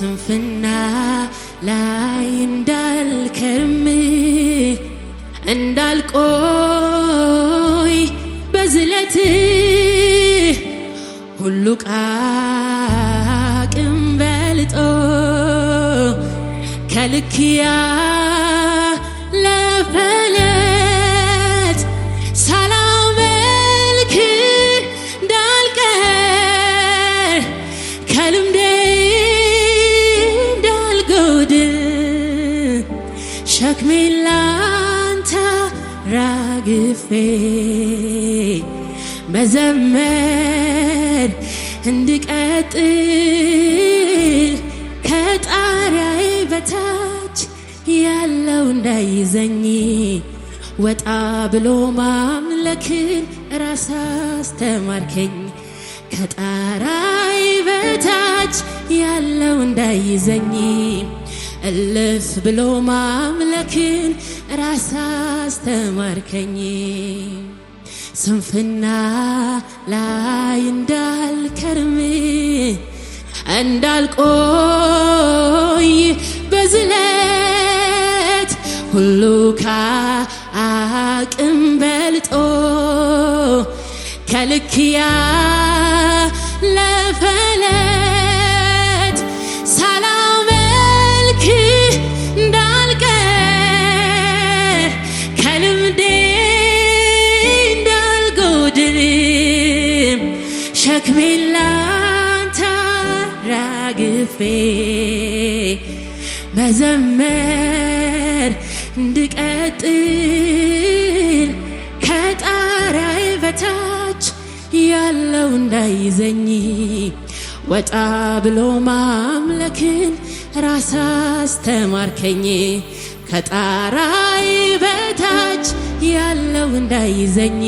ስንፍና ላይ እንዳልከርም እንዳልቆይ በዝለት ሁሉ ቃቅም በልጦ ከልክያ ደግፌ መዘመር እንድቀጥል ከጣሪያዬ በታች ያለው እንዳይዘኝ ወጣ ብሎ ማምለክን ራስ አስተማርከኝ። ከጣራይ በታች ያለው እንዳይዘኝ እልፍ ብሎ ማምለክን ራስ አስተማርከኝ ስንፍና ላይ እንዳልከርም እንዳልቆይ በዝለት ሁሉ ከአቅም በልጦ ከልክያ ዘመር እንድቀጥል ከጣራይ በታች ያለው እንዳይዘኝ ወጣ ብሎ ማምለክን ራስ አስተማርከኝ። ከጣራይ በታች ያለው እንዳይዘኝ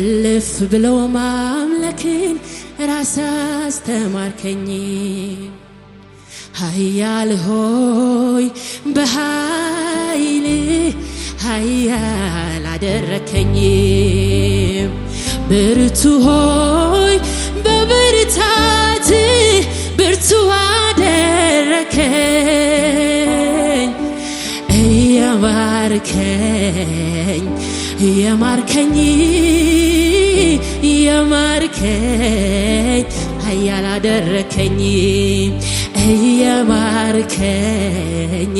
እልፍ ብሎ ማምለክን ራስ አስተማርከኝ። ኃያል ሆይ በኃይል ኃያል አደረከኝ ብርቱ ሆይ በብርታት ብርቱ አደረከኝ እየማርከኝ እየማርከኝ እየማርከኝ ኃያል አደረከኝ እየማርከኝ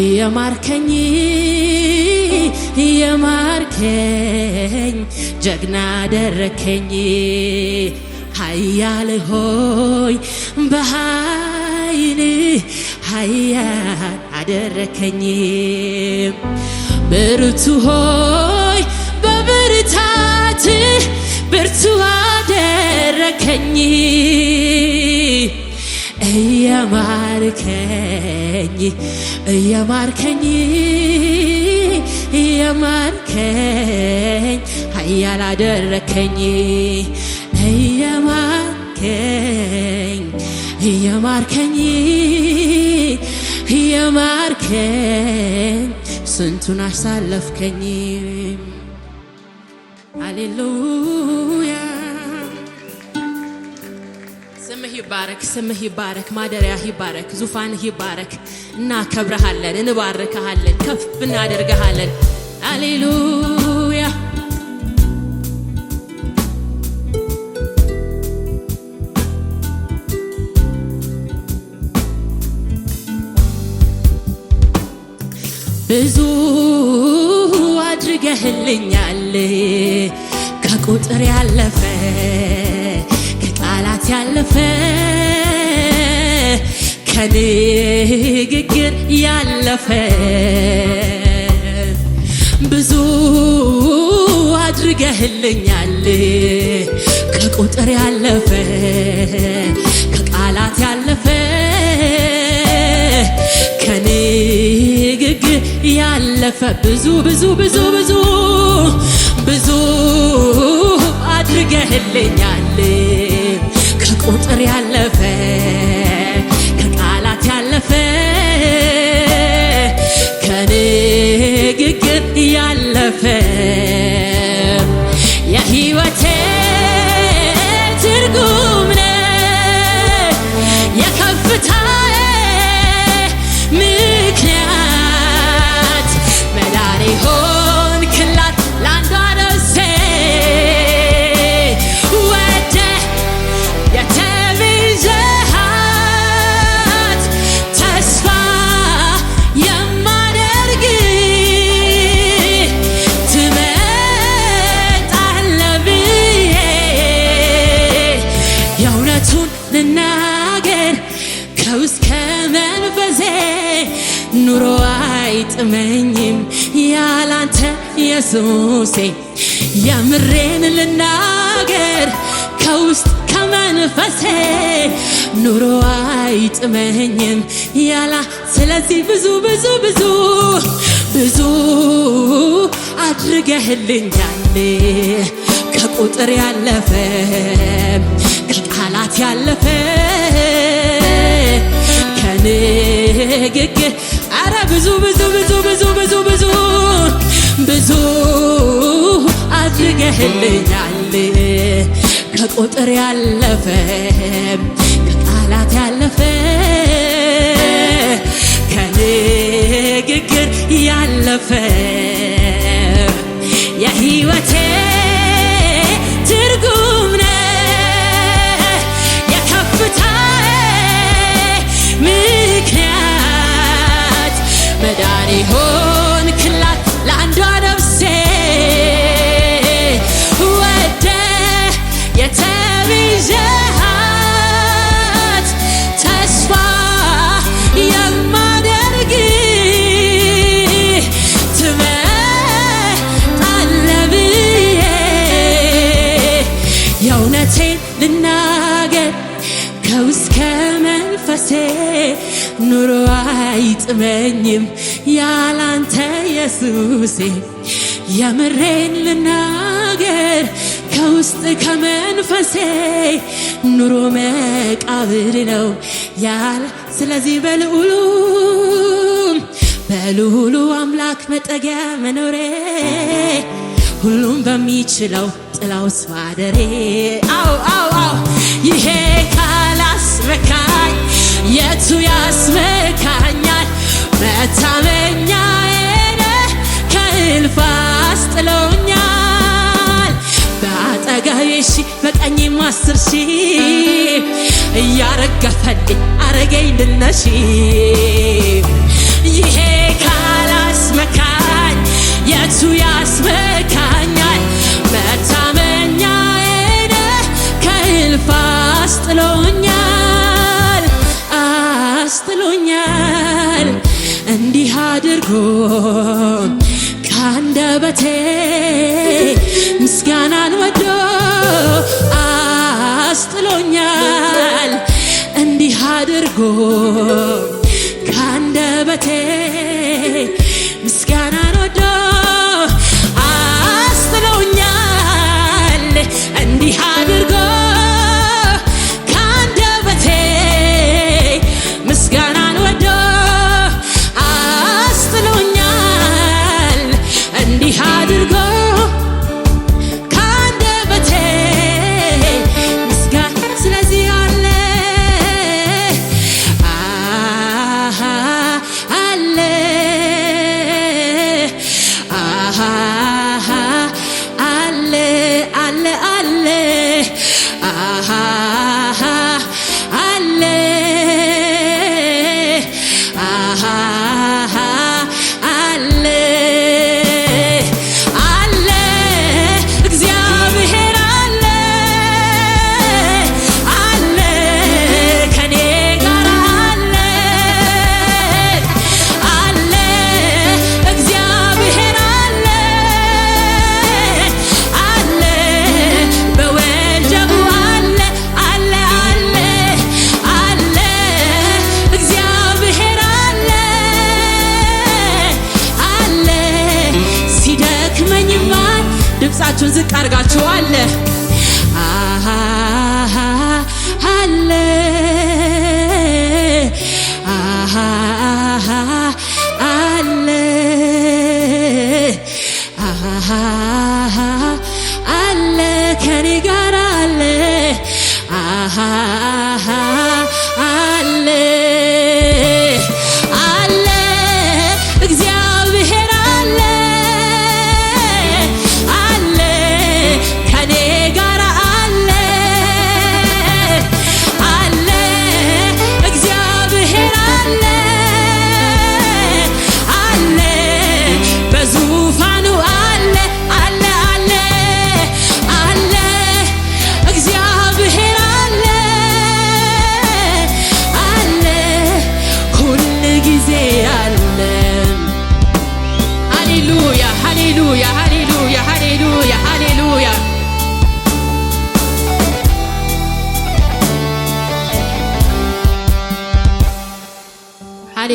እየማርከኝ እየማርከኝ ጀግና ደረከኝ ኃያል ሆይ በኃይል ኃያል አደረከኝ ብርቱ ሆይ በብርታት ብርቱ አደረከኝ እየማርከኝ እየማርከኝ እየማርከኝ ኃያል አደረከኝ እየማርከኝ እየማርከኝ እየማርከኝ ስንቱን አሳለፍከኝ አሌሉያ ይባረክ፣ ስምህ ይባረክ፣ ማደሪያህ ይባረክ፣ ዙፋንህ ይባረክ። እናከብረሃለን፣ እንባርከሃለን፣ ከፍ እናደርገሃለን። አሌሉያ ብዙ አድርገህልኛል ከቁጥር ያለፈ ከቃላት ያለፈ ከንግግር ያለፈ ብዙ አድርገህልኛል ከቁጥር ያለፈ ከቃላት ያለፈ ከንግግር ያለፈ ብዙ ብዙ ብዙ ብዙ ብዙ አድርገህልኛል ቁጥር ያለፈ ኢየሱሴ ያምሬን ልናገር ከውስጥ ከመንፈሴ ኑሮ አይጥመኝም ያላ ስለዚህ ብዙ ብዙ ብዙ ብዙ አድርገህልኛል ከቁጥር ያለፈ ከቃላት ያለፈ ከንግግር አረ ብዙ ብዙ ብዙ ብዙ ብዙ ብዙ ብዙ አድርገህልኛል ከቁጥር ያለፈ ከቃላት ያለፈ ከንግግር ያለፈ የህይወቴ ተስፋ የማደርግ ብዬ የእውነቴን ልናገር ከውስከ መንፈሴ ኑሮ አይጥመኝም ያላንተ ኢየሱሴ የምሬን ልናገር ከውስጥ ከመንፈሴ ኑሮ መቃብር ነው ያለ። ስለዚህ በልዑሉ በልዑሉ አምላክ መጠጊያ መኖሬ ሁሉም በሚችለው ጥላው ስባደሬ አው አው አው ይሄ ካላስረካኝ የቱ ያስረካኛል መታመ አስር ሺ እያረገፈልኝ አረገኝ ልነሺ ይሄ ካላስመካኝ የቱ ያስመካኛል? መታመኛዬን ከእልፍ አስጥሎኛል አስጥሎኛል እንዲህ አድርጎ ከአንደበቴ ምስጋና አስጥሎኛል እንዲህ አድርጎ ካንደበቴ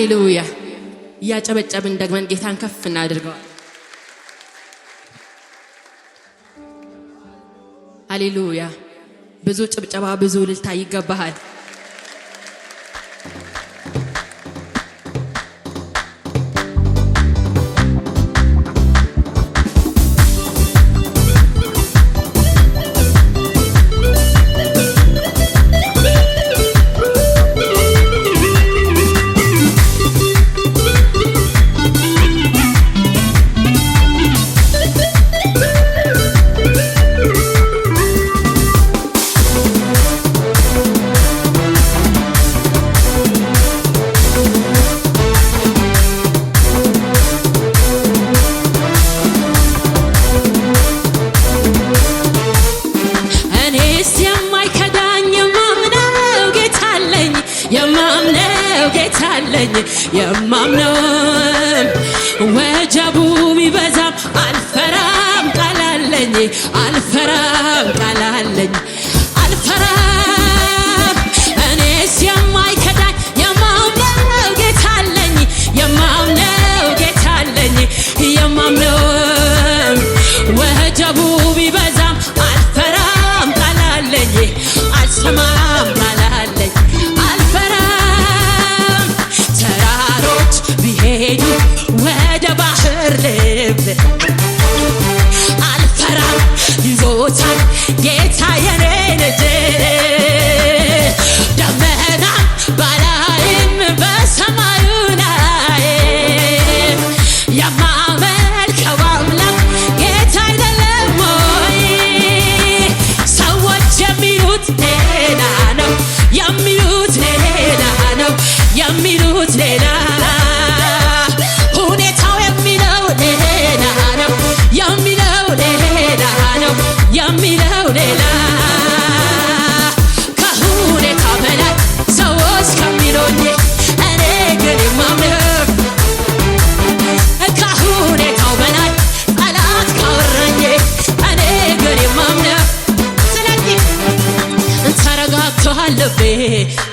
ሃሌሉያ። እያጨበጨብን ደግመን ጌታን ከፍ እናድርገዋል። ሃሌሉያ። ብዙ ጭብጨባ፣ ብዙ ልልታ ይገባሃል። ፈራም ቃላለኝ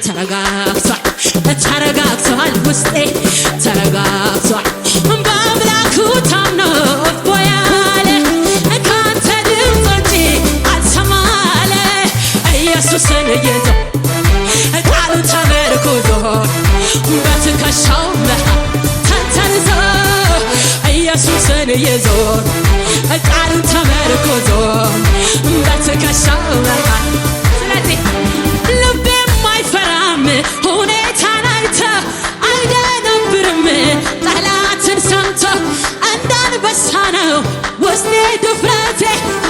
ተረጋግቷል፣ ተረጋግቷል ውስጤ ተረጋግቷል። በአምላኩ ታምኖ ቦያለ በትከሻው መሃል Mano, você é do Francisco.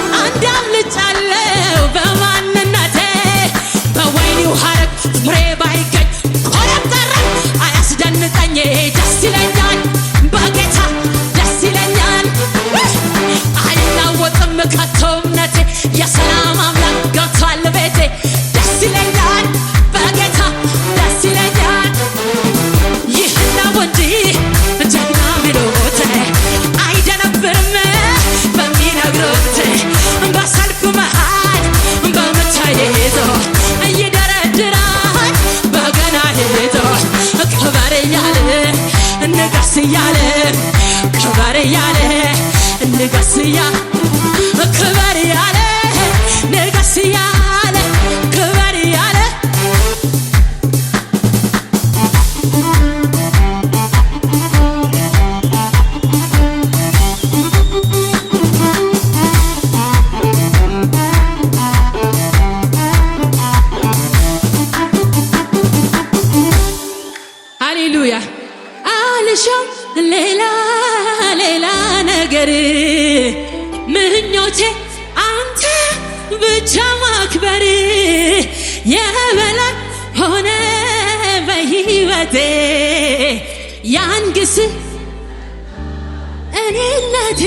አልሻው ሌላ ሌላ ነገር ምኞቴ አንተ ብቻ ማክበር የበላይ ሆነ በህይወቴ ያንግስ እኔነቴ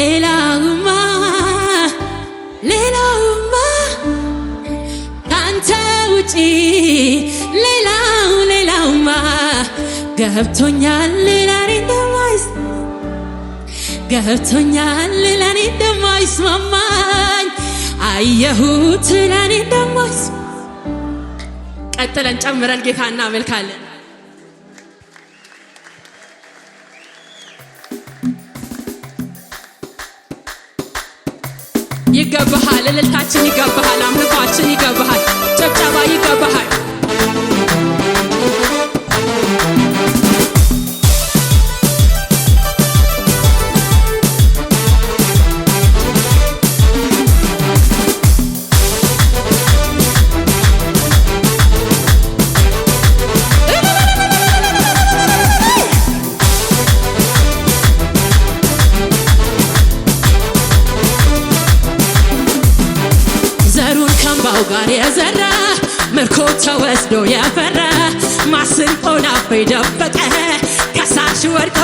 ሌላውማ ሌላውማ ካንተ ውጪ ሌላ ገብቶኛል ለኔ እንደማይስ ገብቶኛል ለኔ እንደማይስማማኝ አየሁት ለኔ እንደማይስ ቀጥለን ጨምረን ጌታ እናመልካለን። ይገባሃል፣ እልልታችን ይገባሃል፣ አምልኳችን ይገባሃል፣ ጨብጨባ ይገባሃል። ምርኮ ተወስዶ የፈራ ማስንቆና ደበቀ ከሳሽ ወድቆ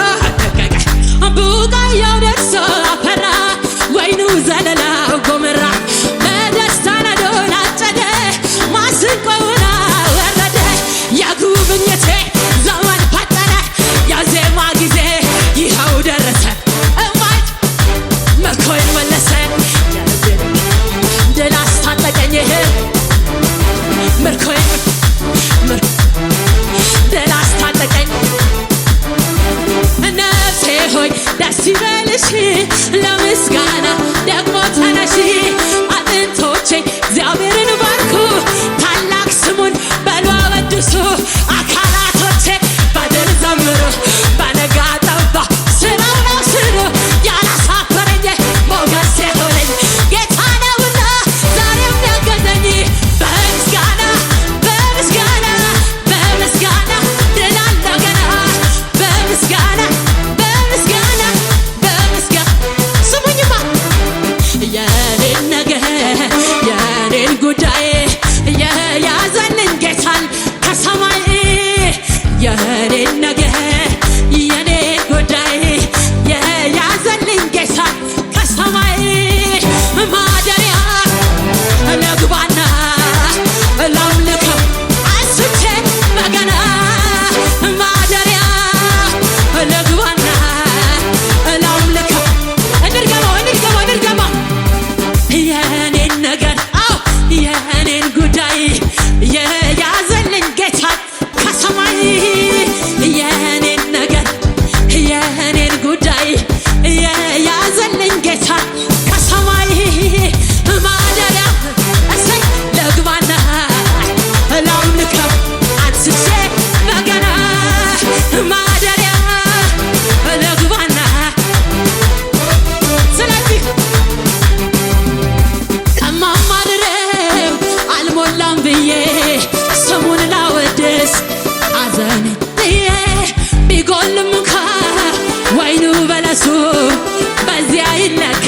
ሙካ ወይኑ በለሱ በዚያ ይለት